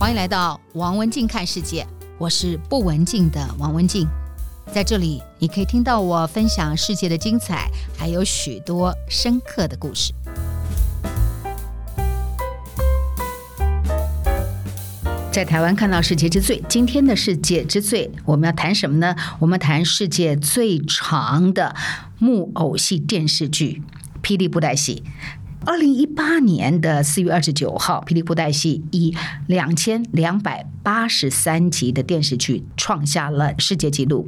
歡迎來到王文靜看世界，我是不文靜的王文靜，在這裡你可以聽到我分享世界的精彩，還有許多深刻的故事。在台灣看到世界之最，今天的世界之最，我們要談什麼呢？我們談世界最長的木偶戲電視劇《霹靂布袋戲》。二零一八年的四月二十九號，霹靂布袋戲以兩千兩百八十三集的電視劇創下了世界紀錄。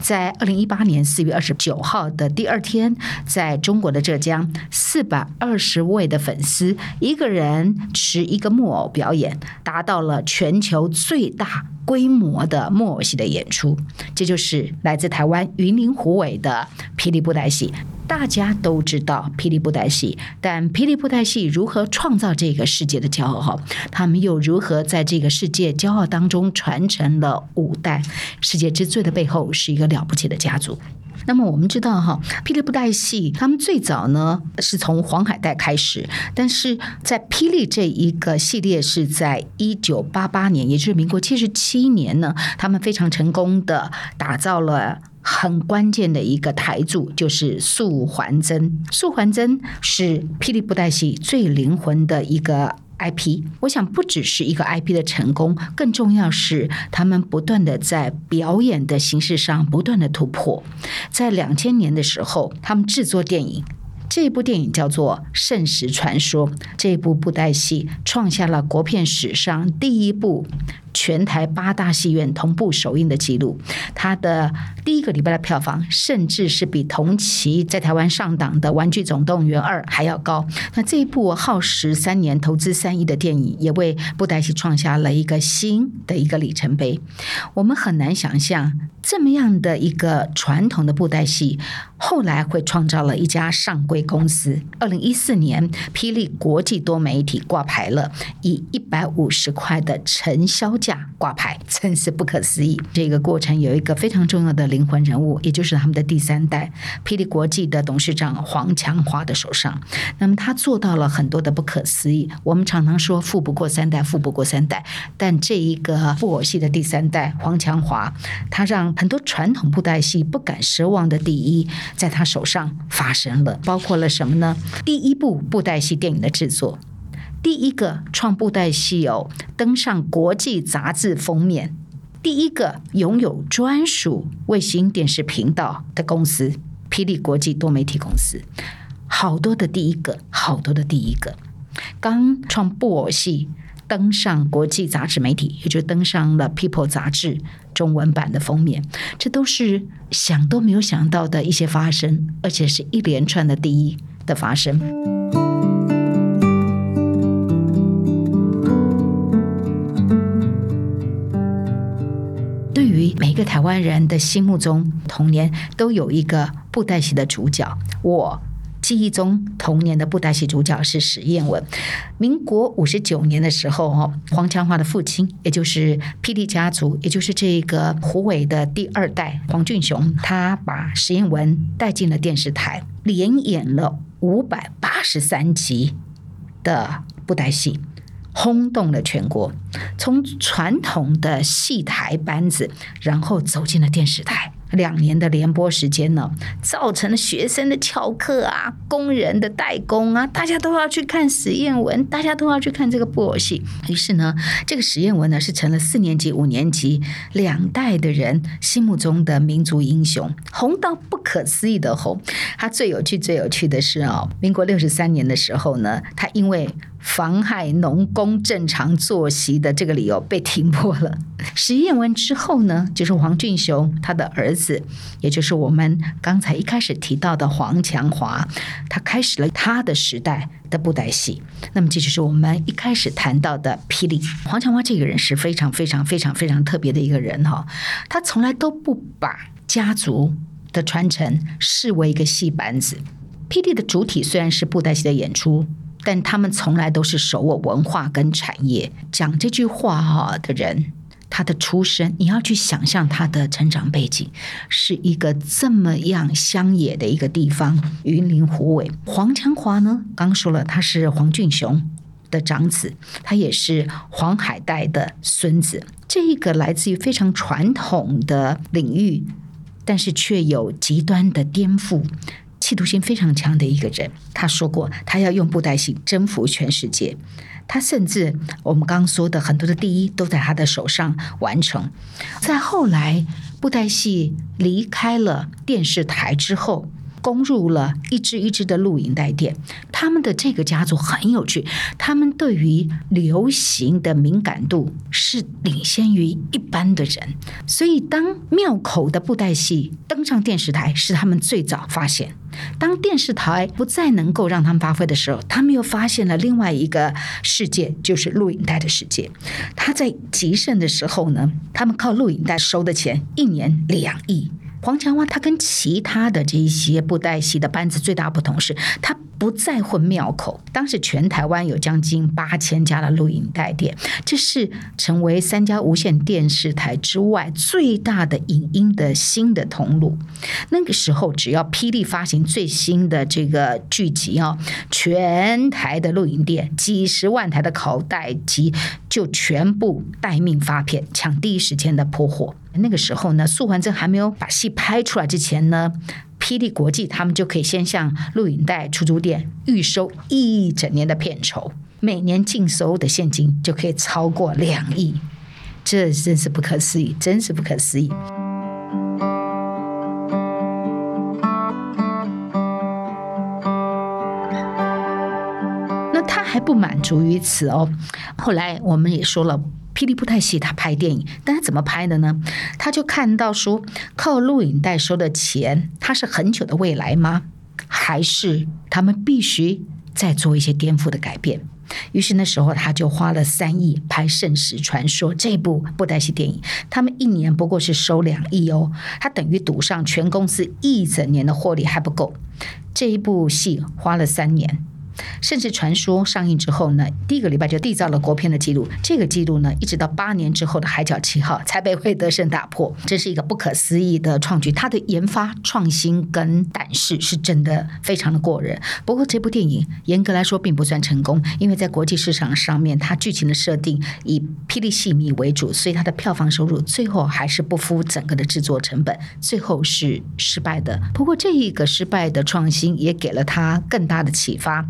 在二零一八年四月二十九號的第二天，在中國的浙江，四百二十位的粉絲一個人持一個木偶表演，達到了全球最大規模的木偶戲的演出。這就是來自台灣雲林虎尾的霹靂布袋戲。大家都知道霹靂布袋戲，但霹靂布袋戲如何創造這個世界的驕傲？他們又如何在這個世界驕傲當中傳承了五代？世界之最的背後是一個了不起的家族。那麼我們知道哈，霹靂布袋戲他們最早呢是從黃海岱開始，但是在霹靂這一個系列是在一九八八年，也就是民國七十七年呢，他們非常成功地打造了。很關鍵的一個台柱就是素還真，素還真是霹靂布袋戲最靈魂的一個 IP。我想不只是一個 IP 的成功，更重要是他們不斷地在表演的形式上不斷地突破。在兩千年的時候，他們制作電影，這部電影叫做《聖石傳說》，這部布袋戲創下了國片史上第一部。全台八大戲院同步首映的記錄，它的第一個禮拜的票房，甚至是比同期在台灣上檔的《玩具總動員二》還要高。那這一部耗時三年、投資三億的電影，也為布袋戲創下了一個新的一個里程碑。我們很難想象，這麼樣的一個傳統的布袋戲，後來會創造了一家上櫃公司。二零一四年，霹靂國際多媒體掛牌了，以一百五十塊的承銷價掛牌，真是不可思議。這個過程有一個非常重要的靈魂人物，也就是他們的第三代霹靂國際的董事長黃強華的手上。那麼他做到了很多的不可思議。我們常常說富不過三代，富不過三代，但這一個布袋戲的第三代黃強華，他讓很多傳統布袋戲不敢奢望的第一，在他手上發生了。包括了什麼呢？第一部布袋戲電影的制作。第一個創布袋戲偶登上國際雜誌封面，第一個擁有專屬衛星電視頻道的公司——霹靂國際多媒體公司，好多的第一個，好多的第一個。剛創布偶戲登上國際雜誌媒體，也就登上了《People》雜誌中文版的封面，這都是想都沒有想到的一些發生，而且是一連串的第一的發生。一個台灣人的心目中，童年都有一個布袋戲的主角。我記憶中，童年的布袋戲主角是史艷文。民國五十九年的時候，哦，黃強華的父親，也就是霹靂家族，也就是這個虎尾的第二代黃俊雄，他把史艷文帶進了電視台，連演了五百八十三集的布袋戲。轟動了全國，從傳統的戲台班子，然後走進了電視台。兩年的聯播時間呢，造成了學生的翹課啊，工人的怠工啊，大家都要去看史艷文，大家都要去看這個布偶戲。於是呢，這個史艷文呢，是成了四年級、五年級兩代的人心目中的民族英雄，紅到不可思議的紅。他最有趣、最有趣的是哦，民國六十三年的時候呢，他因為。妨害農工正常作息的這個理由被停播了。史艷文之後呢，就是黃俊雄他的兒子，也就是我們剛才一開始提到的黃強華，他開始了他的時代的布袋戲。那麼這就是我們一開始談到的霹靂。黃強華這個人是非常非常非常非常特別的一個人哈、哦，他從來都不把家族的傳承視為一個戲班子。霹靂的主體雖然是布袋戲的演出。但他們從來都是手握文化跟產業。講這句話的人，他的出身，你要去想象他的成長背景，是一個這麼樣鄉野的一個地方，雲林虎尾。黃強華呢，剛說了，他是黃俊雄的長子，他也是黃海岱的孫子。這個來自於非常傳統的領域，但是卻有極端的顛覆。企圖心非常強的一個人，他說過他要用布袋戲征服全世界。他甚至我們剛剛說的很多的第一都在他的手上完成。在後來布袋戲離開了電視台之後，攻入了一支一支的錄影帶店。他們的這個家族很有趣，他們對於流行的敏感度是領先於一般的人。所以當廟口的布袋戲登上電視台，是他們最早發現。當電視台不再能夠讓他們發揮的時候，他們又發現了另外一個世界，就是錄影帶的世界。他在極盛的時候呢，他們靠錄影帶收的錢一年兩億。黃強華他跟其他的這一些布袋戲的班子最大不同是，他不再混廟口。當時全台灣有將近八千家的錄影帶店，這是成為三家無線電視台之外最大的影音的新的通路。那個時候，只要霹靂發行最新的這個劇集啊，全台的錄影店幾十萬台的拷帶機就全部待命發片，搶第一時間的鋪貨。那個時候呢，素還真還沒有把戲拍出來之前呢，霹靂國際他們就可以先向錄影帶出租店預收一整年的片酬，每年淨收的現金就可以超過兩億，這真是不可思議，真是不可思議。那他還不滿足於此哦，後來我們也說了。霹靂布袋戲他拍電影，但他怎麼拍的呢？他就看到說，靠錄影帶收的錢，他是很久的未來嗎？還是他們必須再做一些顛覆的改變？於是那時候他就花了三億拍《聖石傳說》這部布袋戲電影，他們一年不過是收兩億哦，他等於賭上全公司一整年的獲利還不夠，這一部戲花了三年。甚至傳說上映之後呢，第一個禮拜就締造了國片的紀錄。這個紀錄呢，一直到八年之後的《海角七號》才被魏德聖打破。這是一個不可思議的創舉，他的研發、創新跟膽識是真的非常的過人。不過這部電影嚴格來說並不算成功，因為在國際市場上面，它劇情的設定以霹靂戲迷為主，所以它的票房收入最後還是不敷整個的製作成本，最後是失敗的。不過這一個失敗的創新也給了他更大的啟發。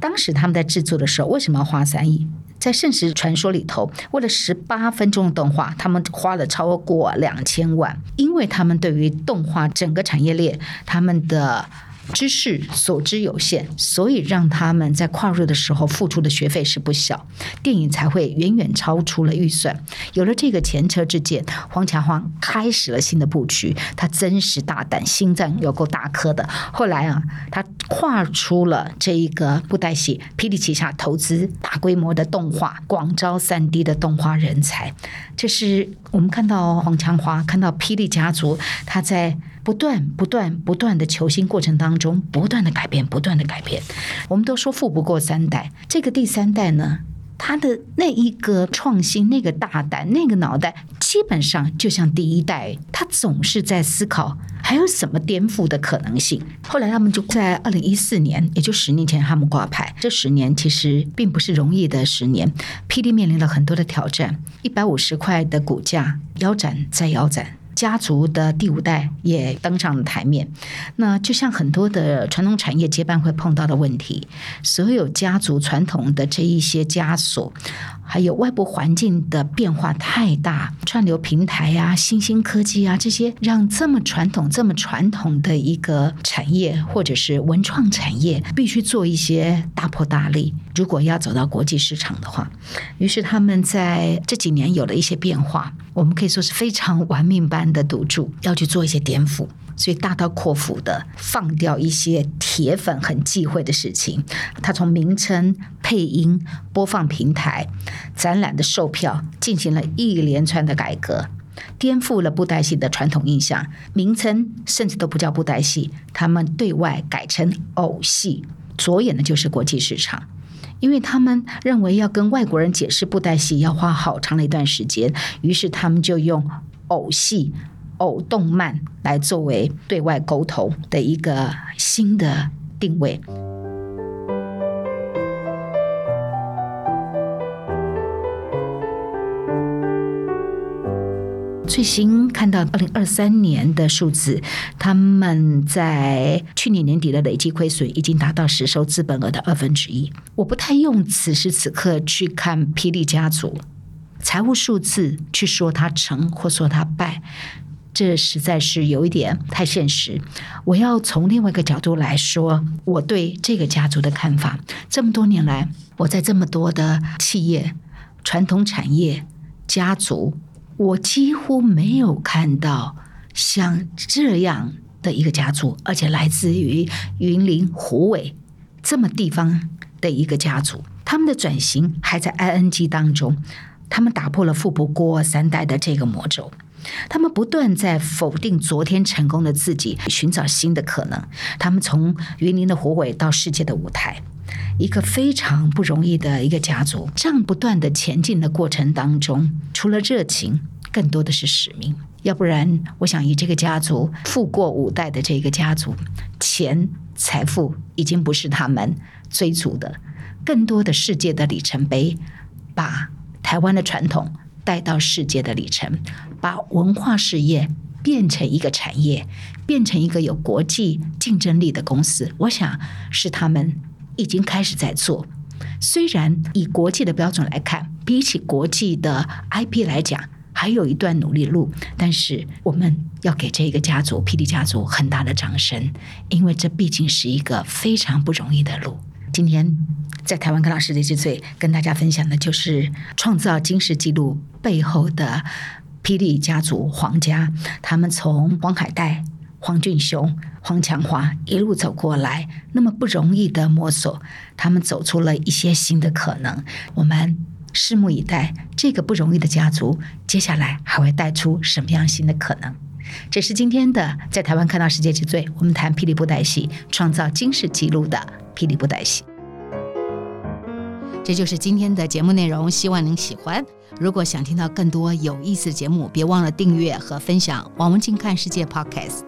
當時他們在製作的時候，為什麼要花三億？在《聖石傳說》裡頭，為了十八分鐘的動畫，他們花了超過兩千萬，因為他們對於動畫整個產業鏈，他們的。知識所知有限，所以讓他們在跨入的時候付出的學費是不小，電影才會遠遠超出了預算。有了這個前車之鑑，黃強華開始了新的布局。他真是大膽，心臟有夠大顆的。後來啊，他跨出了這一個布袋戲，霹靂旗下投資大規模的動畫，廣招 3D 的動畫人才。這是我們看到黃強華，看到霹靂家族，他在。不斷、不斷、不斷的求新過程當中，不斷的改變，不斷的改變。我們都說富不過三代，這個第三代呢，他的那一個創新、那個大膽、那個腦袋，基本上就像第一代，他總是在思考還有什麼顛覆的可能性。後來他們就在二零一四年，也就十年前，他們掛牌。這十年其實並不是容易的十年，霹靂面臨了很多的挑戰，一百五十塊的股價腰斬，再腰斬。家族的第五代也登上了台面，那就像很多的傳統產業接班會碰到的問題，所有家族傳統的這一些枷鎖。還有外部環境的變化太大，串流平台啊、新興科技啊這些，讓這麼傳統、這麼傳統的一個產業或者是文創產業，必須做一些大破大立。如果要走到國際市場的話，於是他們在這幾年有了一些變化。我們可以說是非常玩命般的賭注，要去做一些顛覆，所以大刀闊斧的放掉一些鐵粉很忌諱的事情。他從名稱，配音、播放平台、展覽的售票進行了一連串的改革，顛覆了布袋戲的傳統印象。名稱甚至都不叫布袋戲，他們對外改成偶戲，着眼的就是國際市場。因為他們認為要跟外國人解釋布袋戲要花好長的一段時間，於是他們就用偶戲、偶動漫來作為對外溝通的一個新的定位。最新看到二零二三年的數字，他們在去年年底的累計虧損已經達到實收資本額的二分之一。我不太用此時此刻去看霹靂家族財務數字，去說它成或說它敗，這實在是有一點太現實。我要從另外一個角度來說，我對這個家族的看法。這麼多年來，我在這麼多的企業、傳統產業、家族。我幾乎沒有看到像這樣的一個家族，而且來自於雲林虎尾這麼地方的一個家族，他們的轉型還在 ING 當中，他們打破了富不過三代的這個魔咒，他們不斷在否定昨天成功的自己，尋找新的可能，他們從雲林的虎尾到世界的舞台。一個非常不容易的一個家族，這樣不斷的前進的過程當中，除了熱情，更多的是使命。要不然，我想以這個家族富過五代的這個家族，錢財富已經不是他們追逐的，更多的世界的里程碑，把台灣的傳統帶到世界的里程，把文化事業變成一個產業，變成一個有國際競爭力的公司，我想是他們，已經開始在做，雖然以國際的標準來看，比起國際的 IP 來講，還有一段努力路。但是我們要給這個家族——霹靂家族——很大的掌聲，因為這畢竟是一個非常不容易的路。今天在台灣跟老師的之最跟大家分享的就是創造金氏紀錄背後的霹靂家族黃家，他們從黃海岱、黃俊雄、黃強華一路走過來，那麼不容易的摸索，他們走出了一些新的可能。我們拭目以待，這個不容易的家族，接下來還會帶出什麼樣新的可能？這是今天的在台灣看到世界之最，我們談霹靂布袋戲創造驚世紀錄的霹靂布袋戲。這就是今天的節目內容，希望您喜歡。如果想聽到更多有意思的節目，別忘了訂閱和分享《王文靜看世界》Podcast。